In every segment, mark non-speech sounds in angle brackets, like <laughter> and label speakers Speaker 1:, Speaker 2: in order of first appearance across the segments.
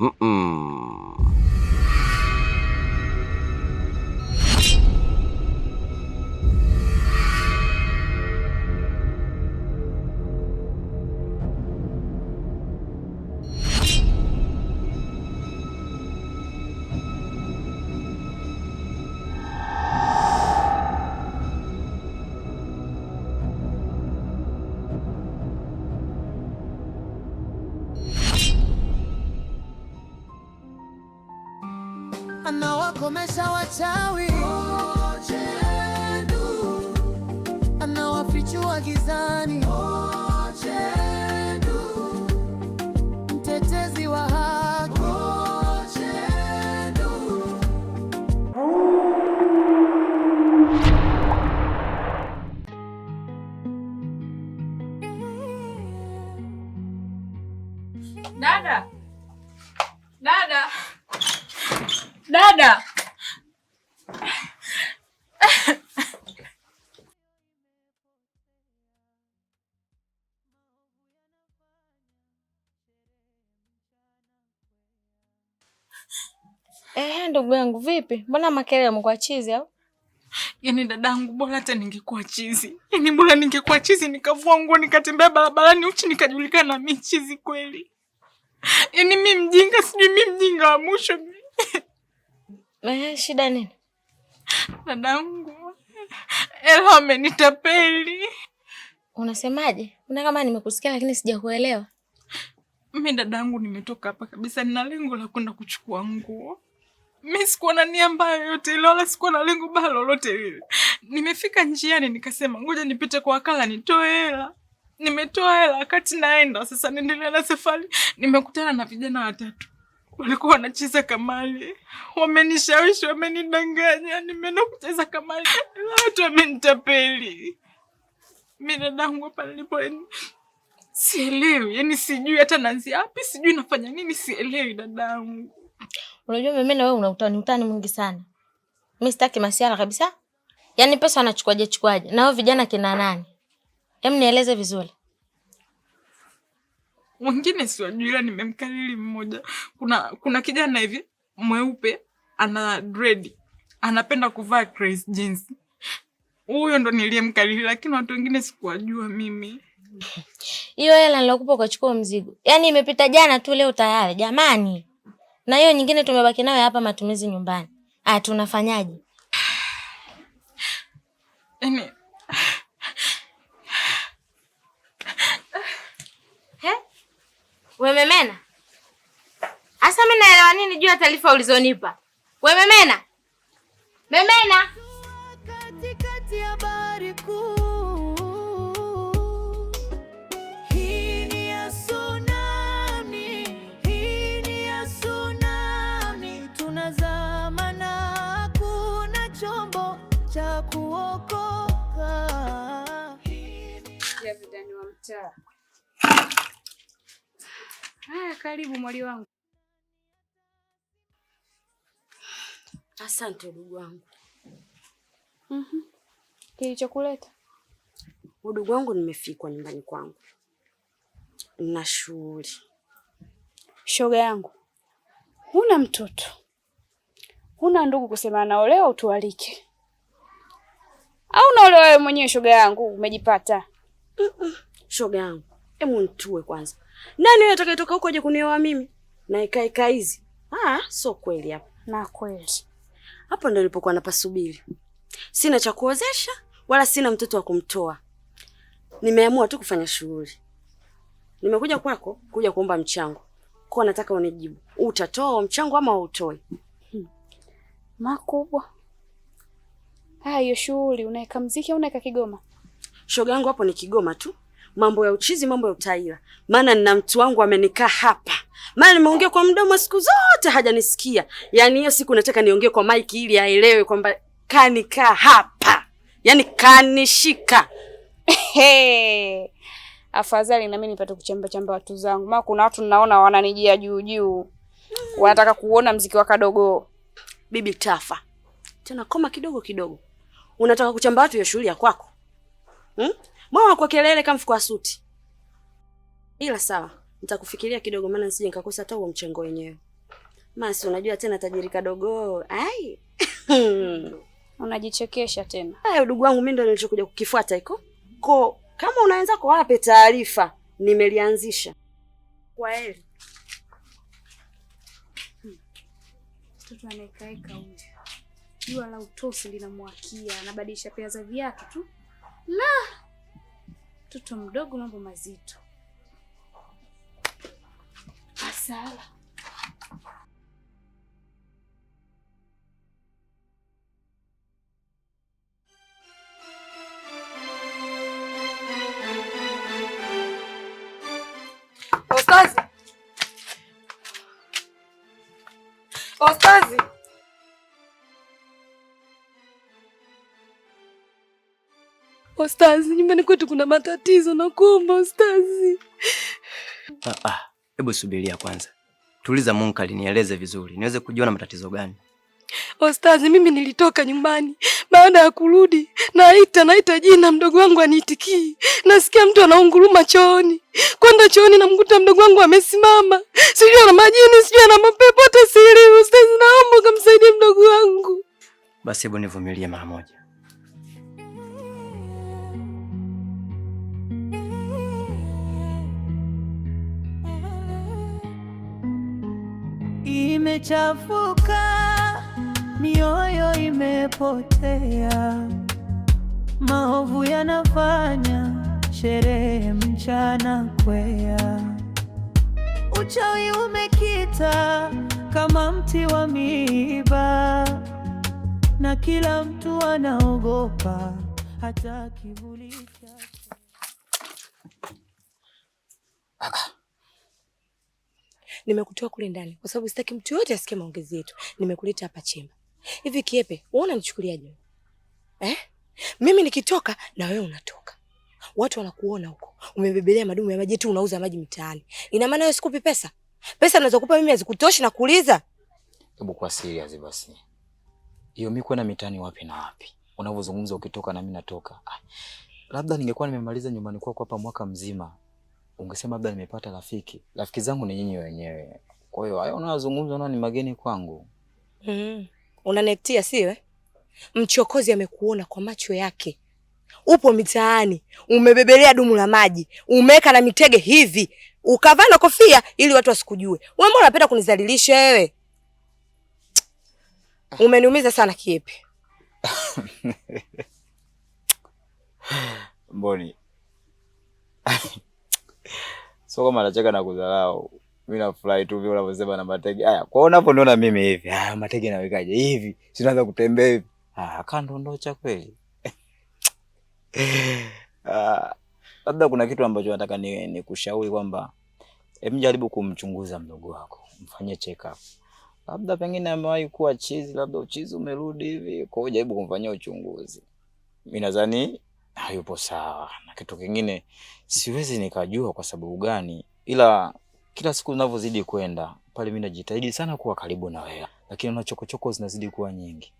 Speaker 1: Mm-mm. Dada, dada, dada. Eh, ndugu yangu vipi? Mbona makelele yamekuwa chizi au?
Speaker 2: Yaani dadangu, bora hata ningekuwa chizi, yaani bora ningekuwa chizi nikavua nguo nikatembea barabarani uchi nikajulikana na mimi chizi kweli. <laughs> Yaani mi mjinga, sijui mi mjinga wa mwisho. Shida nini? Dadangu Ela amenitapeli.
Speaker 1: Unasemaje? Una kama nimekusikia lakini sijakuelewa.
Speaker 2: Mi dadangu, nimetoka hapa kabisa, nina lengo la kwenda kuchukua nguo. Mi sikuwa na nia mbaya yote ile, wala sikuwa na lengo baya lolote lile. Nimefika njiani, nikasema ngoja nipite kwa wakala nitoe hela nimetoa hela wakati naenda. Sasa niendelea na safari, nimekutana na vijana watatu walikuwa wanacheza kamali wamenishawishi, wamenidanganya, nimeenda kucheza kamali ila watu wamenitapeli. Mi dadangu hapa nilipo sielewi, yani sijui hata naanzia api sijui nafanya nini, sielewi dadangu.
Speaker 1: Unajua mimi na wewe una utani, utani mwingi sana. Mi sitaki masiara kabisa, yani pesa wanachukuaje chukuaje Na wao vijana kina nani? Hem, nieleze vizuri.
Speaker 2: wengine siwajui, ila nimemkariri mmoja. Kuna kuna kijana hivi mweupe ana dread, anapenda kuvaa crazy jeans. Huyo ndo niliyemkariri, lakini watu wengine sikuwajua mimi.
Speaker 1: Hiyo hela nilokupa ukachukua mzigo, yaani imepita jana tu, leo tayari jamani. Na hiyo nyingine tumebaki nayo hapa matumizi nyumbani. Ah, tunafanyaje? Yaani Wememena hasa, mimi naelewa nini juu ya taarifa ulizonipa? Wememena memena katikati ya bahari kuu ni ya tsunami, hii ni ya
Speaker 2: chombo cha kuokoka. Jirani wa mtaa Haya, karibu mwali wangu.
Speaker 3: Asante udugu wangu.
Speaker 2: Mhm. Kilichokuleta?
Speaker 3: Udugu wangu, nimefikwa nyumbani kwangu na shughuli.
Speaker 2: Shoga yangu, huna mtoto, huna ndugu kusema naolewa utualike, au naolewa wewe mwenyewe? Shoga yangu, umejipata.
Speaker 3: Mm -mm. Shoga yangu, hebu nitue kwanza nani huyo atakayetoka huko aje kunioa mimi na ikae kae hizi? Ah, sio kweli hapa. Na kweli. Hapo ndio nilipokuwa napasubiri. Sina cha kuozesha wala sina mtoto wa kumtoa. Nimeamua tu kufanya shughuli. Nimekuja kwako kuja kuomba mchango. Kwa nataka unijibu. Utatoa mchango ama utoi? Hmm.
Speaker 2: Makubwa. Haya, hiyo shughuli unaeka mziki au unaeka Kigoma?
Speaker 3: Shoga yangu hapo ni Kigoma tu mambo ya uchizi, mambo ya utaira. Maana nina mtu wangu amenikaa hapa, maana nimeongea kwa mdomo siku zote hajanisikia. Yaani hiyo siku nataka niongee kwa mike ili aelewe kwamba kanikaa hapa, yaani kanishika.
Speaker 2: Afadhali nami nipate kuchamba chamba watu zangu, maana kuna watu ninaona wananijia juu juu, wanataka kuona mziki wa kadogo.
Speaker 3: Bibi Tafa, tena koma kidogo kidogo, unataka kuchamba watu, ya shughuli ya kwako hmm? Mbona kwa kelele kama mfuko wa suti? Ila sawa, nitakufikiria kidogo maana nisije nikakosa hata huo mchango wenyewe. Masi unajua tena tajiri kadogo. Ai.
Speaker 2: <laughs> Unajichekesha tena.
Speaker 3: Hayo udugu wangu mimi ndio nilichokuja kukifuata iko. Ko kama unaanza kwa wape taarifa nimelianzisha.
Speaker 2: Kwa heri. Hmm. Mtoto hmm, anaekaeka huyu. Jua la utosi linamwakia, anabadilisha pea za viatu tu. La, mtoto mdogo, mambo mazito. asala Ostazi, nyumbani kwetu kuna matatizo, nakuomba Ostazi.
Speaker 4: Ah, ah, hebu subiria kwanza, tuliza Mungu alinieleze vizuri niweze kujua na matatizo gani.
Speaker 2: Ostazi, mimi nilitoka nyumbani, baada ya kurudi naita naita jina, mdogo wangu aniitikii. Nasikia mtu anaunguruma chooni, kwenda chooni namkuta mdogo wangu amesimama, sijui ana majini, sijui ana mapepo, hata sielewi. Ostazi, naomba kamsaidie mdogo wangu.
Speaker 4: Basi hebu nivumilie mara moja. imechafuka, mioyo imepotea, maovu yanafanya
Speaker 3: sherehe mchana kwea, uchawi umekita kama mti wa miiba, na kila mtu anaogopa hata kivuli Nimekutoa kule ndani kwa sababu sitaki mtu yote asikie maongezi yetu. Nimekuleta hapa chemba. Hivi Kiepe, wewe unanichukuliaje? Eh? Mimi nikitoka na wewe unatoka. Watu wanakuona huko. Umebebelea madumu ya maji tu unauza maji mitaani. Ina maana wewe sikupi pesa? Pesa naweza ninazokupa mimi hazikutoshi na kuuliza.
Speaker 4: Hebu kwa serious basi. Hiyo mimi kwenda mitaani wapi na wapi? Unavyozungumza ukitoka na mimi natoka. Ah. Labda ningekuwa nimemaliza nyumbani kwako hapa mwaka mzima ungesema labda nimepata rafiki. Rafiki zangu ni nyinyi wenyewe, kwa hiyo hayo unayozungumza unaona ni mageni kwangu.
Speaker 3: Mm. Unanetia siwe? Eh? Mchokozi amekuona kwa macho yake, upo mitaani umebebelea dumu la maji, umeweka na mitege hivi, ukavaa na kofia ili watu wasikujue. Wewe mbona unapenda kunizalilisha wewe? Umeniumiza sana kiepe. <laughs>
Speaker 4: Mboni so kama anacheka na kudharau, mimi nafurahi tu vile unavyosema na matege haya. Kwa hiyo unaponiona mimi hivi, haya ah, matege nawekaje hivi, sinaanza kutembea hivi, ah, kandondocha kweli. <laughs> Ah, labda kuna kitu ambacho nataka ni, ni kushauri kwamba hebu jaribu kumchunguza mdogo wako, mfanye check up. Labda pengine amewahi kuwa chizi, labda uchizi umerudi hivi, kwa hiyo jaribu kumfanyia uchunguzi. Mimi nadhani hayupo sawa, na kitu kingine siwezi nikajua kwa sababu gani, ila kila siku ninavyozidi kwenda pale, mimi najitahidi sana kuwa karibu na wewe, lakini na chokochoko zinazidi kuwa nyingi.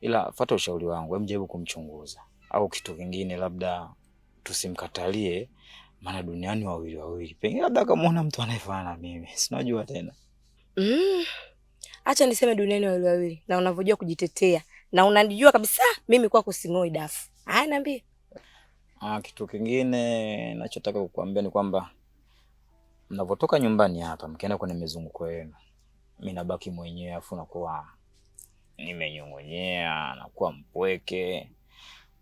Speaker 4: Ila fuata ushauri wangu, hebu jaribu kumchunguza, au kitu kingine labda tusimkatalie, maana duniani wawili wawili, pengine labda akamwona mtu anayefanana na mimi, sinajua tena.
Speaker 3: Mm, acha niseme duniani wawili wawili, na unavyojua kujitetea na unanijua kabisa mimi kwako sing'oi dafu. Haya, niambie.
Speaker 4: Ah, kitu kingine nachotaka kukuambia ni kwamba mnapotoka nyumbani hapa mkienda kwenye mizunguko yenu, mimi nabaki mwenyewe, afu nakuwa nimenyong'onyea, nakuwa mpweke.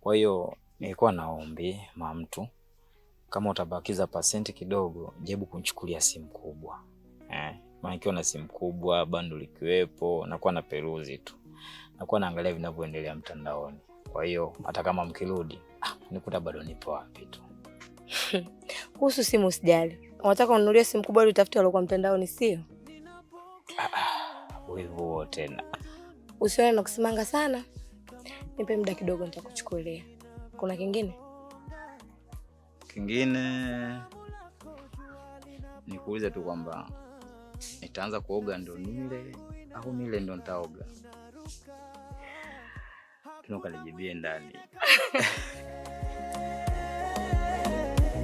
Speaker 4: Kwa hiyo nilikuwa naombi ma mtu kama utabakiza pasenti kidogo, jebu kunchukulia simu kubwa eh, maana ikiwa na simu kubwa bando likiwepo, nakuwa na peruzi tu, nakuwa naangalia vinavyoendelea mtandaoni. Kwa hiyo hata kama mkirudi Ah, nikuta bado nipo wapi tu.
Speaker 3: <laughs> Kuhusu simu usijali, unataka ununulie simu kubwa ili utafute waliokuwa mtandaoni, sio
Speaker 4: ah, ah, wivu huo tena.
Speaker 3: Usione na kusimanga sana, nipe muda kidogo, nitakuchukulia. Kuna kingine
Speaker 4: kingine nikuuliza tu kwamba nitaanza kuoga ndo nile au nile ndo nitaoga? tunakanijibie ndani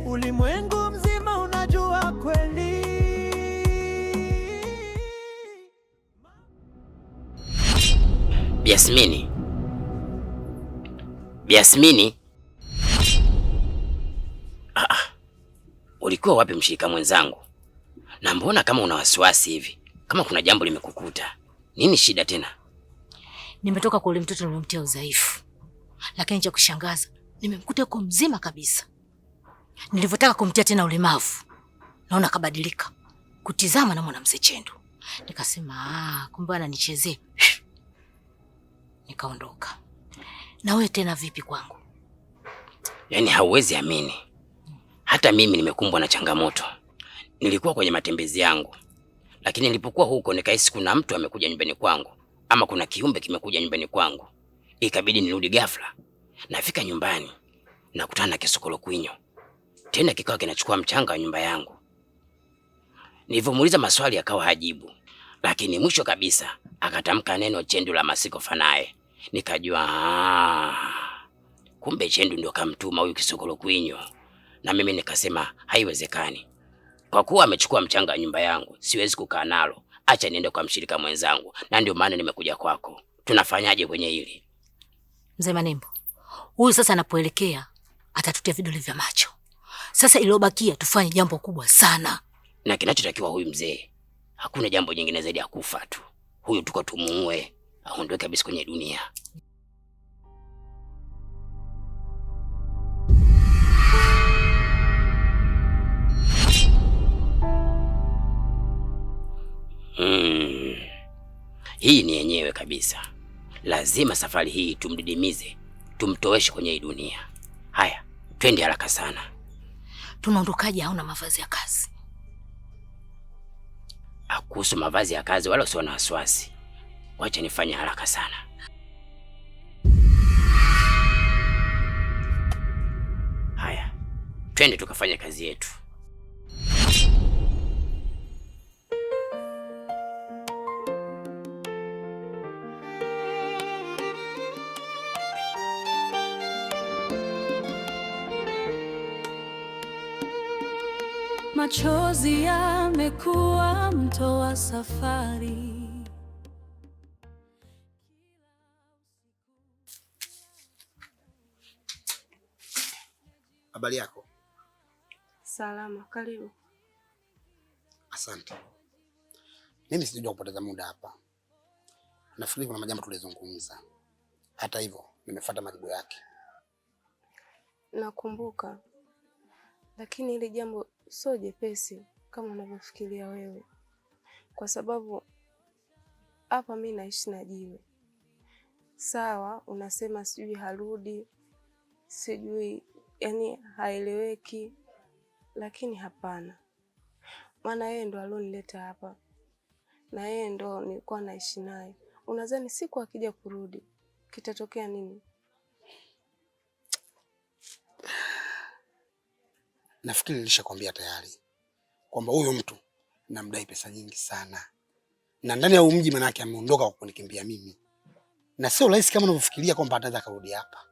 Speaker 4: <laughs> ulimwengu mzima unajua
Speaker 5: kweli. Biasmini, Biasmini, ah, ah, ulikuwa wapi mshirika mwenzangu? Na mbona kama una wasiwasi hivi, kama kuna jambo limekukuta? Nini shida tena?
Speaker 6: Nimetoka kwa ule mtoto nilomtia udhaifu, lakini cha kushangaza nimemkuta yuko mzima kabisa. Nilivyotaka kumtia tena ulemavu, naona kabadilika, kutizama na mwana msechendo. Nikasema ah, kumbe ananichezea. <sighs> Nikaondoka. Na wewe tena vipi kwangu?
Speaker 5: Yaani hauwezi amini, hata mimi nimekumbwa na changamoto. Nilikuwa kwenye matembezi yangu, lakini nilipokuwa huko nikahisi kuna mtu amekuja nyumbani kwangu ama kuna kiumbe kimekuja nyumbani kwangu. Ikabidi nirudi ghafla. Nafika nyumbani nakutana na kisokolo kwinyo, tena kikawa kinachukua mchanga wa nyumba yangu. Nilivyomuuliza maswali akawa hajibu, lakini mwisho kabisa akatamka neno chendu la masiko fanaye. Nikajua kumbe chendu ndio kamtuma huyu kisokolo kwinyo, na mimi nikasema haiwezekani, kwa kuwa amechukua mchanga wa nyumba yangu, siwezi kukaa nalo acha niende kwa mshirika mwenzangu, na ndio maana nimekuja kwako. Tunafanyaje kwenye hili
Speaker 6: mzee Manembo? Huyu sasa anapoelekea atatutia vidole vya macho. Sasa iliyobakia tufanye jambo kubwa sana,
Speaker 5: na kinachotakiwa huyu mzee, hakuna jambo jingine zaidi ya kufa tu. Huyu tuko tumuue, aondoke kabisa kwenye dunia. Hii ni yenyewe kabisa. Lazima safari hii tumdidimize, tumtoweshe kwenye hii dunia. Haya, twende haraka sana.
Speaker 6: Tunaondokaje? Hauna mavazi ya kazi?
Speaker 5: Akuhusu ah, mavazi ya kazi, wala usiwe na wasiwasi. Wacha nifanye haraka sana. Haya, twende tukafanya kazi yetu.
Speaker 7: machozi yamekuwa mto wa safari. Habari yako?
Speaker 8: Salama. Karibu.
Speaker 7: Asante. Mimi sijuja kupoteza muda hapa, nafikiri kuna majambo tulizungumza. Hata hivyo, nimefuata majibu yake.
Speaker 8: Nakumbuka, lakini ile jambo sio jepesi kama unavyofikiria wewe, kwa sababu hapa mi naishi na jiwe. Sawa, unasema sijui harudi, sijui yani haeleweki, lakini hapana, maana yeye ndo alionileta hapa na yeye ndo nilikuwa naishi naye. Unadhani siku akija kurudi kitatokea nini?
Speaker 7: Nafikiri nilishakwambia tayari kwamba huyu mtu namdai pesa nyingi sana, na ndani ya mji manake ameondoka kwa kunikimbia mimi, na sio rahisi kama unavyofikiria kwamba ataweza kurudi hapa.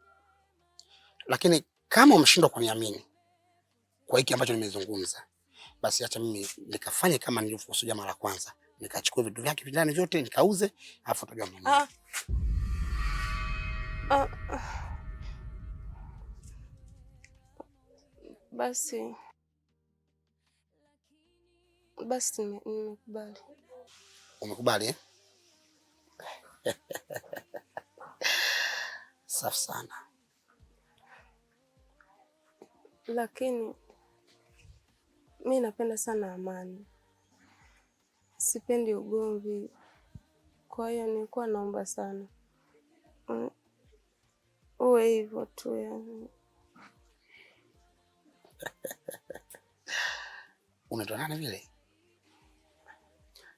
Speaker 7: Lakini kama umeshindwa kuniamini kwa hiki ambacho nimezungumza, basi acha mimi nikafanye kama nilivyokusudia mara kwanza, nikachukua vitu vyake vilani vyote nikauze, afu utagamani. ah. ah. ah.
Speaker 8: Basi basi, nimekubali.
Speaker 7: Umekubali eh? <laughs> Safi sana,
Speaker 8: lakini mi napenda sana amani, sipendi ugomvi. Kwa hiyo nilikuwa naomba sana mm, uwe hivyo tu, yani
Speaker 7: Unaitwa nani vile?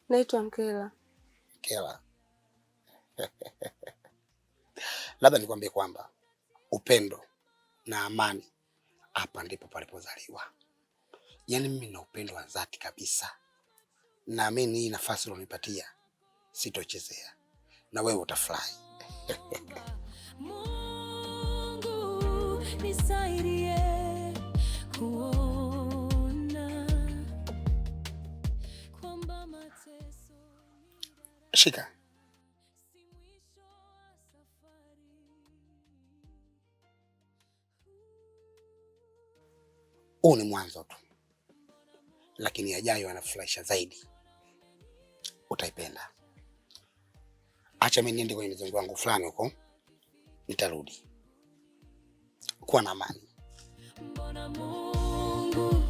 Speaker 8: Naitwa Mkela.
Speaker 7: Mkela. <laughs> Labda nikwambie kwamba upendo na amani hapa ndipo palipozaliwa. Yaani mimi na upendo wa dhati kabisa. Naamini hii nafasi ulionipatia sitochezea, na wewe utafurahi. <laughs> Mungu nisaidie. Shika. Huu ni mwanzo tu, lakini yajayo yanafurahisha zaidi. Utaipenda. Acha mimi niende kwenye mzungu wangu fulani huko, nitarudi. Kuwa na amani. Mbona Mungu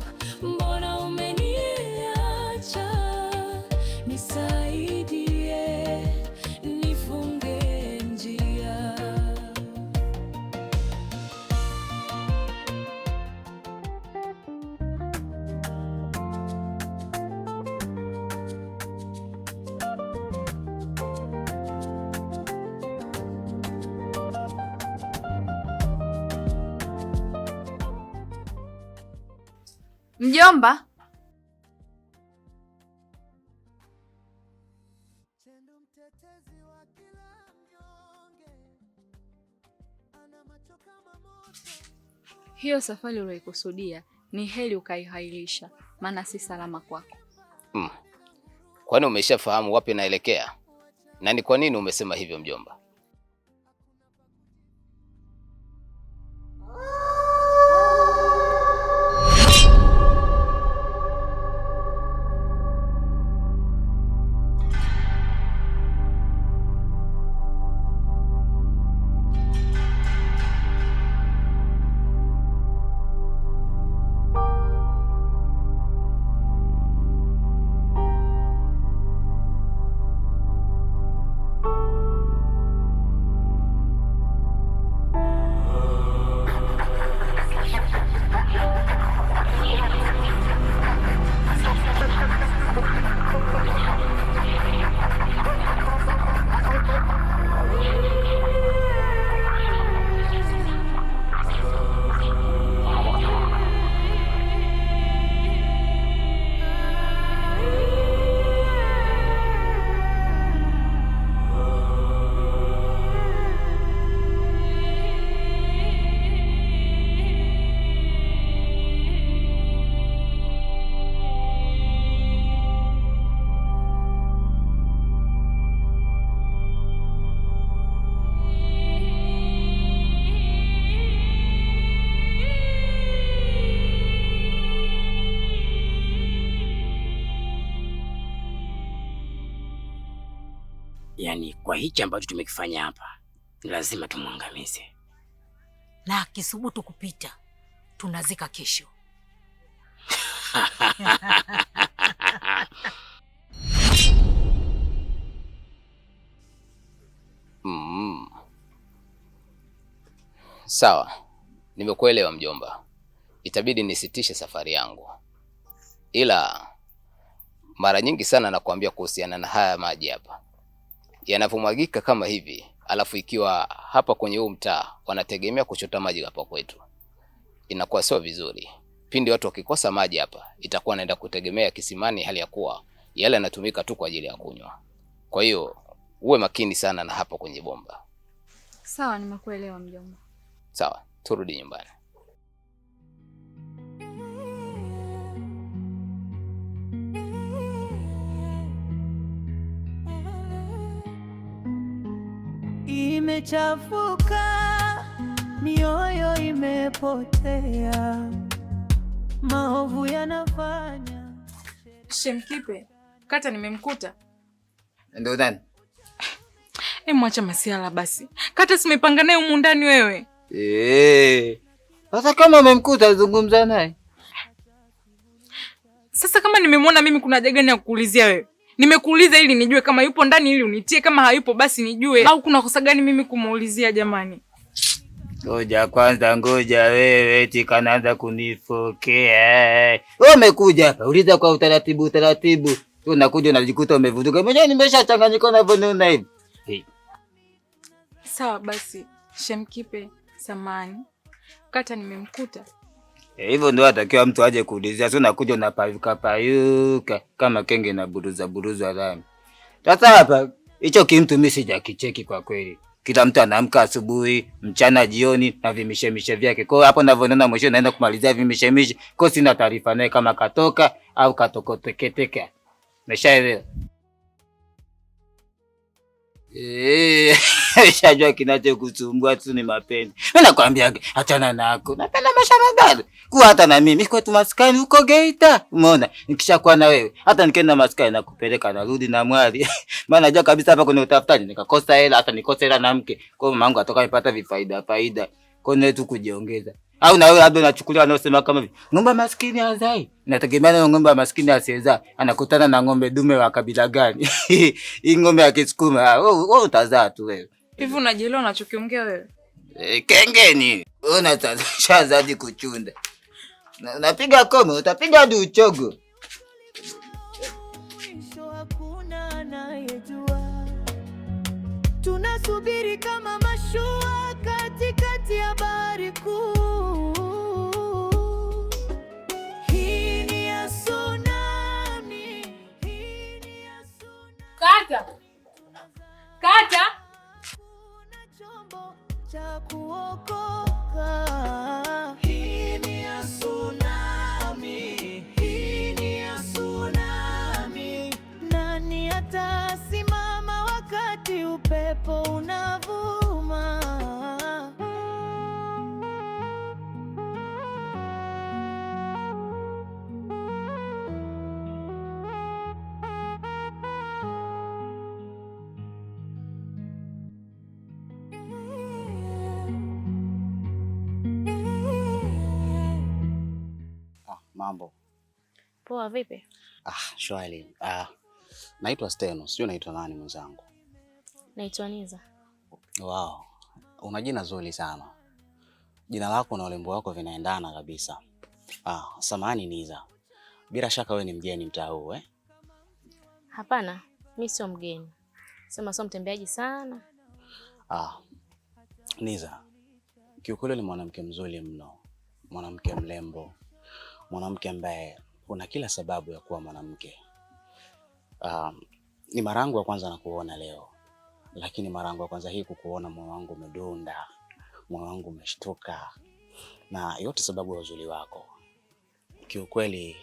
Speaker 9: Mjomba, hiyo safari unaikusudia ni heli ukaihairisha, maana si salama kwako.
Speaker 5: Mm. Kwani umeshafahamu wapi naelekea na ni kwa nini umesema hivyo mjomba? kwa hichi ambacho tumekifanya hapa, ni lazima tumwangamize,
Speaker 6: na akisubutu kupita tunazika kesho.
Speaker 5: Mm. Sawa, nimekuelewa mjomba. Itabidi nisitishe safari yangu, ila mara nyingi sana nakuambia kuhusiana na haya maji hapa yanavyomwagika kama hivi, alafu ikiwa hapa kwenye huu mtaa wanategemea kuchota maji hapa kwetu, inakuwa sio vizuri. Pindi watu wakikosa maji hapa, itakuwa naenda kutegemea kisimani, hali ya kuwa yale yanatumika tu kwa ajili ya kunywa. Kwa hiyo uwe makini sana na hapa kwenye bomba.
Speaker 9: Sawa, nimekuelewa mjomba.
Speaker 5: Sawa, turudi nyumbani.
Speaker 9: imechafuka, mioyo imepotea, maovu yanafanya. Shemkipe kata nimemkuta ndo ndani. E, mwacha masiala basi, kata simepanga naye humu ndani wewe.
Speaker 5: Sasa kama umemkuta zungumza naye
Speaker 9: sasa. Kama nimemwona mimi, kuna haja gani ya kukuulizia wewe? Nimekuuliza ili nijue kama yupo ndani ili unitie, kama hayupo basi nijue, au kuna kosa gani mimi kumuulizia? Jamani,
Speaker 5: ngoja kwanza, ngoja wewe eti kanaanza kunifokea. Wewe umekuja hapa, uliza kwa utaratibu, utaratibu. Unakuja unajikuta umevunduka mwenyewe, nimeshachanganyika navyonuna hivi.
Speaker 9: Sawa basi, Shemkipe, samani kata nimemkuta
Speaker 5: Eh, hivyo ndio atakiwa mtu aje kuulizia, sio nakuja unapayuka payuka kama kenge na buruza buruza lami. Sasa hapa hicho kimtu mimi sijakicheki kwa kweli. Kila mtu anaamka asubuhi, mchana, jioni na vimishemishe vyake. Kwa hiyo hapo ninavyoona mwisho naenda kumalizia vimishemishe. Kwa hiyo sina taarifa naye kama katoka au katokoteketeka. meshaelewa Eh, <laughs> Shajua kinachokusumbua tu ni mapenzi. Mimi nakwambia achana nako, napenda masharagari kuwa hata na mimi kwetu maskani huko Geita. Umeona, nikishakuwa na wewe hata nikienda maskani nakupeleka, narudi na mwali <laughs> maana najua kabisa hapa kuna utafutaji, nikakosa hela hata nikosa hela na mke. Kwa hiyo mamangu atoka amepata vifaida faida kwa tu kujiongeza. Au na wewe labda unachukulia anaosema kama hivi. Ng'ombe maskini azai nategemea na ng'ombe maskini asieza anakutana na ng'ombe dume wa kabila gani? <laughs> Hii ng'ombe ya Kisukuma, ah, wewe utazaa tu wewe.
Speaker 9: Hivi unajielewa unachokiongea wewe?
Speaker 5: E, kengeni. Wewe unatazaa zaidi kuchunda. unapiga kome, utapiga hadi uchogo. Tunasubiri kama
Speaker 10: Mambo
Speaker 11: poa, vipi?
Speaker 10: Ah, shwari. Ah, naitwa Steno, sio naitwa nani mwenzangu?
Speaker 11: Naitwa Niza.
Speaker 10: Wow, una jina zuri sana. Jina lako na urembo wako vinaendana kabisa. Ah, samani Niza, bila shaka wewe ni mgeni mtaa huu eh?
Speaker 11: Hapana, mi sio mgeni, sema sio mtembeaji sana.
Speaker 10: Ah, Niza, kiukweli ni mwanamke mzuri mno, mwanamke mrembo mwanamke ambaye una kila sababu ya kuwa mwanamke. Um, ni mara yangu ya kwanza nakuona leo, lakini mara yangu ya kwanza hii kukuona, moyo wangu umedunda, moyo wangu umeshtuka, na yote sababu ya uzuri wako. Kiukweli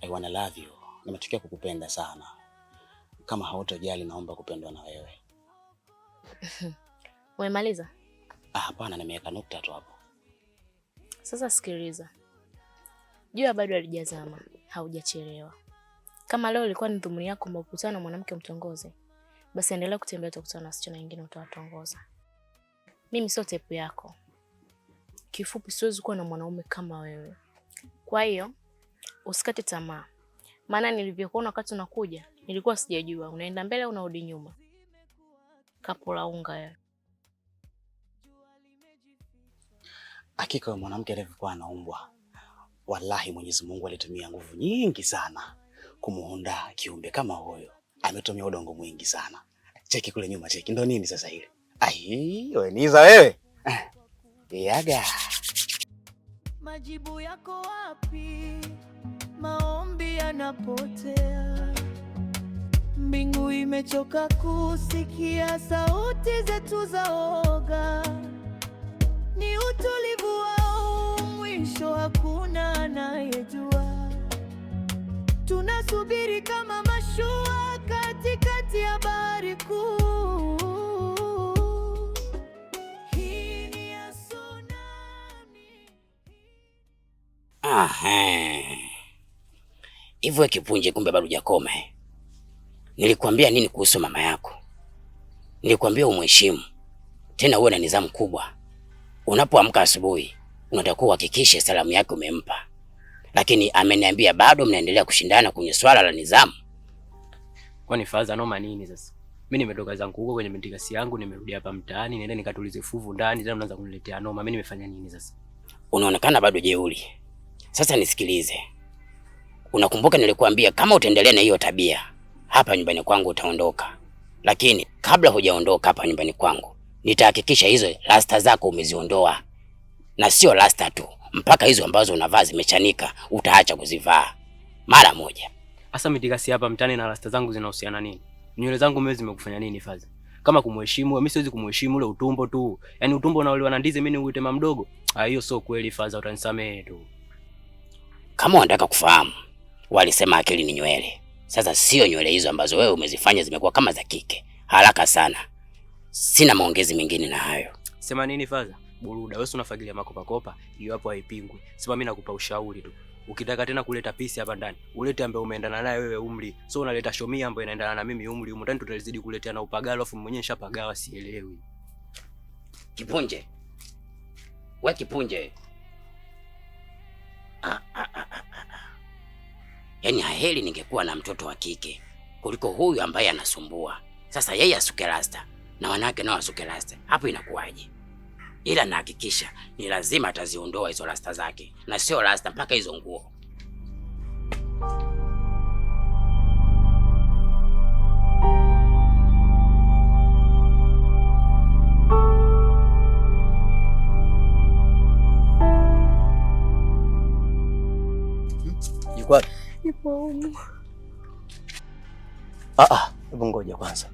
Speaker 10: I wanna love you, nimetokea kukupenda sana. Kama hautojali, naomba kupendwa na wewe.
Speaker 11: <laughs> Umemaliza?
Speaker 10: Ah, hapana, nimeweka nukta tu hapo.
Speaker 11: Sasa sikiliza Jua bado halijazama, haujachelewa. Kama leo ilikuwa ni dhumuni yako kwamba ukutana na mwanamke mtongoze, basi endelea kutembea, utakutana na wasichana wengine utawatongoza. Mimi sio tepu yako. Kifupi, siwezi kuwa na mwanaume kama wewe. Kwa hiyo usikate tamaa, maana nilivyokuona wakati unakuja nilikuwa sijajua unaenda mbele au unarudi nyuma. Kapula unga wewe.
Speaker 10: Hakika mwanamke alivyokuwa anaumbwa Wallahi, Mwenyezi Mungu alitumia nguvu nyingi sana kumuunda kiumbe kama huyo. Ametumia udongo mwingi sana. Cheki kule nyuma, cheki ndo nini sasa hili? Ai, weniza wewe eh, yaga. Majibu yako wapi? Maombi yanapotea, mbingu imechoka kusikia sauti zetu za oga ni utu
Speaker 5: mwisho hakuna anayejua. Tunasubiri kama mashua katikati ya bahari kuu. Hii ni ya tsunami. Aha. Hivyo Kipunje, kumbe bado hujakoma. Eh? Nilikwambia nini kuhusu mama yako? Nilikwambia umheshimu, tena uwe na nidhamu kubwa unapoamka asubuhi unatakuwa uhakikishe salamu yake umempa, lakini ameniambia bado mnaendelea kushindana kwenye swala la nidhamu.
Speaker 12: Kwani faza noma nini sasa? Mimi nimetoka zangu huko kwenye mitikasi yangu, nimerudi hapa mtaani, niende nikatulize fuvu ndani, tena unaanza kuniletea noma. Mimi nimefanya nini sasa?
Speaker 5: Unaonekana bado jeuri. Sasa nisikilize, unakumbuka nilikuambia kama utaendelea na hiyo tabia hapa nyumbani kwangu utaondoka, lakini kabla hujaondoka hapa nyumbani kwangu nitahakikisha hizo rasta zako umeziondoa na sio rasta tu, mpaka hizo ambazo unavaa zimechanika utaacha kuzivaa mara moja.
Speaker 12: Asa mitikasi hapa mtani na rasta zangu zinahusiana nini? Nywele zangu mimi zimekufanya nini Fazi? Kama kumheshimu mimi siwezi kumheshimu ule utumbo tu. Yaani utumbo unaoliwa na ndizi mimi niuite uitema mdogo. Ah, hiyo sio kweli Fazi, utanisamehe tu.
Speaker 5: Kama unataka kufahamu, walisema akili ni nywele. Sasa sio nywele hizo ambazo wewe umezifanya zimekuwa kama za kike. Haraka sana. Sina maongezi mengine na hayo.
Speaker 12: Sema nini fadha? buruda. Wewe unafagilia makopakopa hiyo hapo haipingwi. Sema mimi nakupa ushauri tu, ukitaka tena kuleta pisi hapa ndani ulete ambaye umeendana naye wewe umri, so unaleta shomia ambaye inaendana na mimi umri humu ndani, tutazidi kuletea na upagalo, afu mwenyewe nishapagawa, sielewi.
Speaker 5: Kipunje Wewe kipunje, ah ah, ah, ah, ah, ah. Yaani haheri ningekuwa na mtoto wa kike kuliko huyu ambaye anasumbua sasa. Yeye asuke rasta na wanawake nao wasuke rasta, hapo inakuwaje? ila nahakikisha ni lazima ataziondoa hizo rasta zake, na sio rasta mpaka hizo nguo.
Speaker 10: Ah, ah, ngoja kwanza,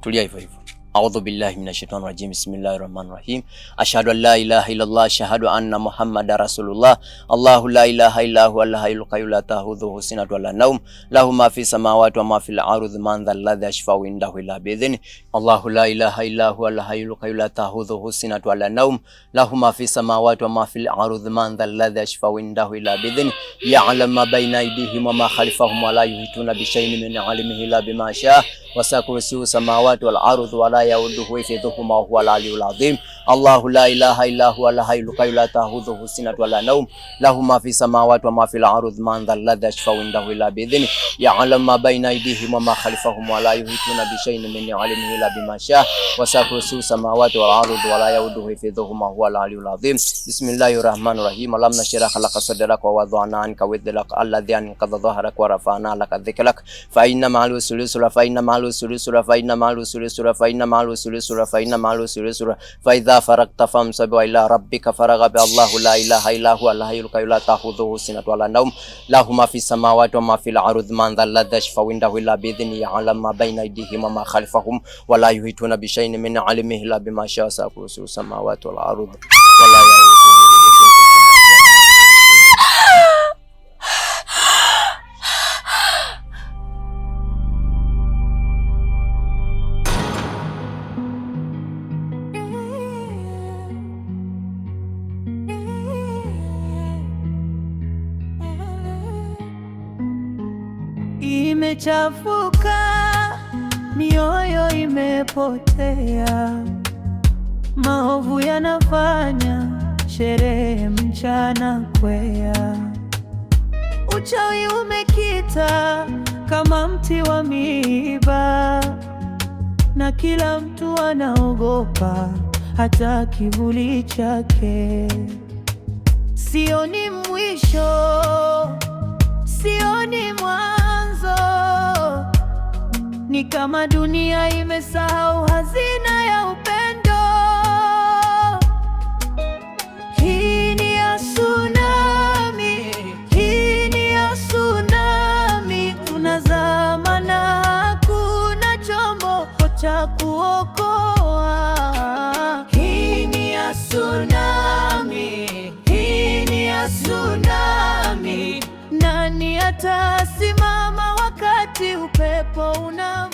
Speaker 10: tulia hivyo hivyo. أعوذ بالله من الشيطان الرجيم بسم الله الرحمن الرحيم أشهد أن لا إله إلا الله أشهد أن محمد رسول الله الله لا إله إلا هو الحي القيوم لا تأخذه سنة ولا نوم له ما في السماوات وما في الأرض من ذا الذي يشفع عنده إلا بإذنه الله لا إله إلا هو الحي القيوم لا تأخذه سنة ولا نوم له ما في السماوات وما في الأرض من ذا الذي يشفع عنده إلا بإذنه يعلم ما بين أيديهم وما خلفهم ولا يحيطون بشيء من علمه إلا بما شاء وسع كرسيه السماوات والأرض ولا ولا يؤده حفظهما وهو العلي العظيم الله لا اله الا هو الحي القيوم لا تاخذه سنه ولا نوم له ما في السماوات وما في الارض من ذا الذي يشفع عنده الا باذنه يعلم ما بين ايديهم وما خلفهم ولا يحيطون بشيء من علمه الا بما شاء وسع كرسي السماوات والارض ولا يؤده حفظهما وهو العلي العظيم بسم الله الرحمن الرحيم لم نشر خلق صدرك ووضعنا عنك وذلك الذي انقض ظهرك ورفعنا لك ذكرك فان مع العسر يسرا فان مع العسر يسرا فان مع العسر يسرا فان ma'al usuli sura fa inna ma'al usuli sura fa idha faragta famsab wa ila rabbika faragha bi Allahu la ilaha illa huwa al hayyul qayyum la ta'khudhuhu sinatun wa la nawm lahu ma fis samawati wa ma fil ardi man dhal ladhi yashfa'u indahu illa bi idhnihi ya'lamu ma bayna aydihim wa ma khalfahum wa la yuhituna bi shay'in min 'ilmihi illa bima sha'a sa'a kursiyyuhu samawati wal ardi wa la imechafuka, mioyo imepotea, maovu yanafanya sherehe mchana kwea, uchawi umekita kama mti wa miiba, na kila mtu anaogopa hata kivuli chake. Sioni mwisho, sioni mwa ni kama dunia imesahau hazina upepo una